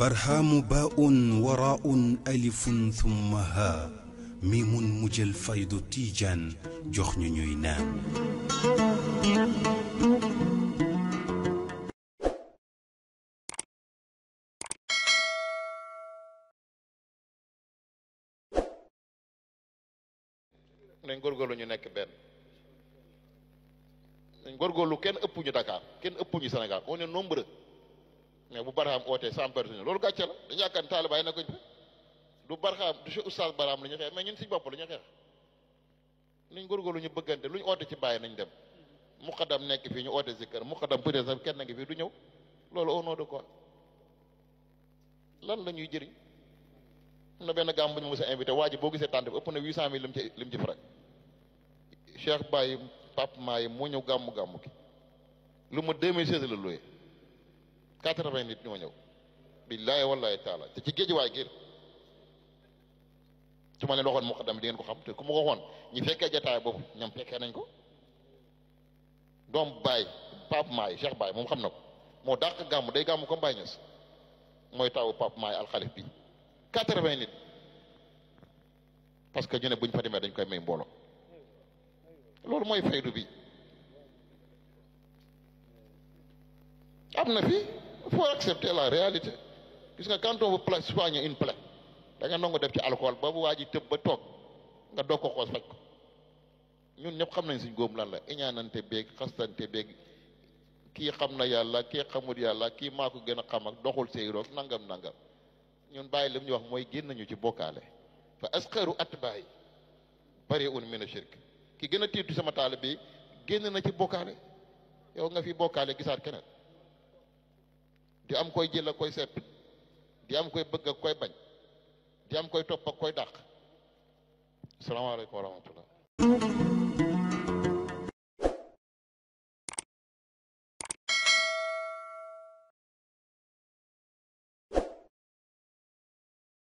barhaamu baaun waraaun alifun thumma haa miimun mu jël faydu tiijaan jox ñu ñuy naan. nañ góorgóorlu ñu nekk benn nañ góorgóorlu kenn ëpp ñu Dakar kenn ëpp ñu Sénégal on est mais bu barxaam ootee cent personnes loolu gàcce la dañu yaakaar taalibaay na ko du barxaam du si oustaz baraam la ñu xeex mais ñun si bopp la ñu xeex nuñ góorgóorlu ñu bëggante luñ oote ci bàyyi nañ dem muqadam nekk fii ñu oote si kër muqadam peut-être sax kenn ngi fii du ñëw loolu au nom de quoi lan la jëriñ am na benn gàmm bu ñu mos a invité waa ji boo gisee tànt bi ëpp na huit cent mille ci lim ci frais Cheikh Baye Pape moo ñëw gàmmu gàmmu ki lu mu 2016 la quatre-vingt nit ñoo ñëw billaahi wallaahi taala te ci géejuwaay waay gi su ma leen waxoon muqaddam di ngeen ko xam te ku ma ko waxoon ñi fekkee jataay boobu ñoom fekkee nañ ko doom baay Pape Maay Cheikh Baay moom xam na ko moo dàq gàmm day gàmm ko Baay Ñas mooy taw Pape Maay alxalif bi quatre-vingt nit parce que ñu ne buñ fa demee dañ koy may mbooloo loolu mooy faydu bi am na fi il faut accepter la réalité gis nga quand on veut soigner une plaie da nga nangu def ci alcool ba bu waa ji tëb ba toog nga doog ko xoos faj ko ñun ñëpp xam nañ suñ góom lan la iñaanante beeg xastante beeg kii xam na yàlla kii xamul yàlla kii maa ko gën a xam ak doxul say roog nangam nangam ñun bàyyi li mu ñu wax mooy génn nañu ci bokkaale fa askaru at bàyyi bari un mina shirk ki gën a tiitu sama taal bi génn na ci bokkaale yow nga fi bokkaale gisaat keneen di am koy jël ak koy seet di am koy bëgg ak koy bañ di am koy topp ak koy dàq salaamaaleykum wa rahmatullah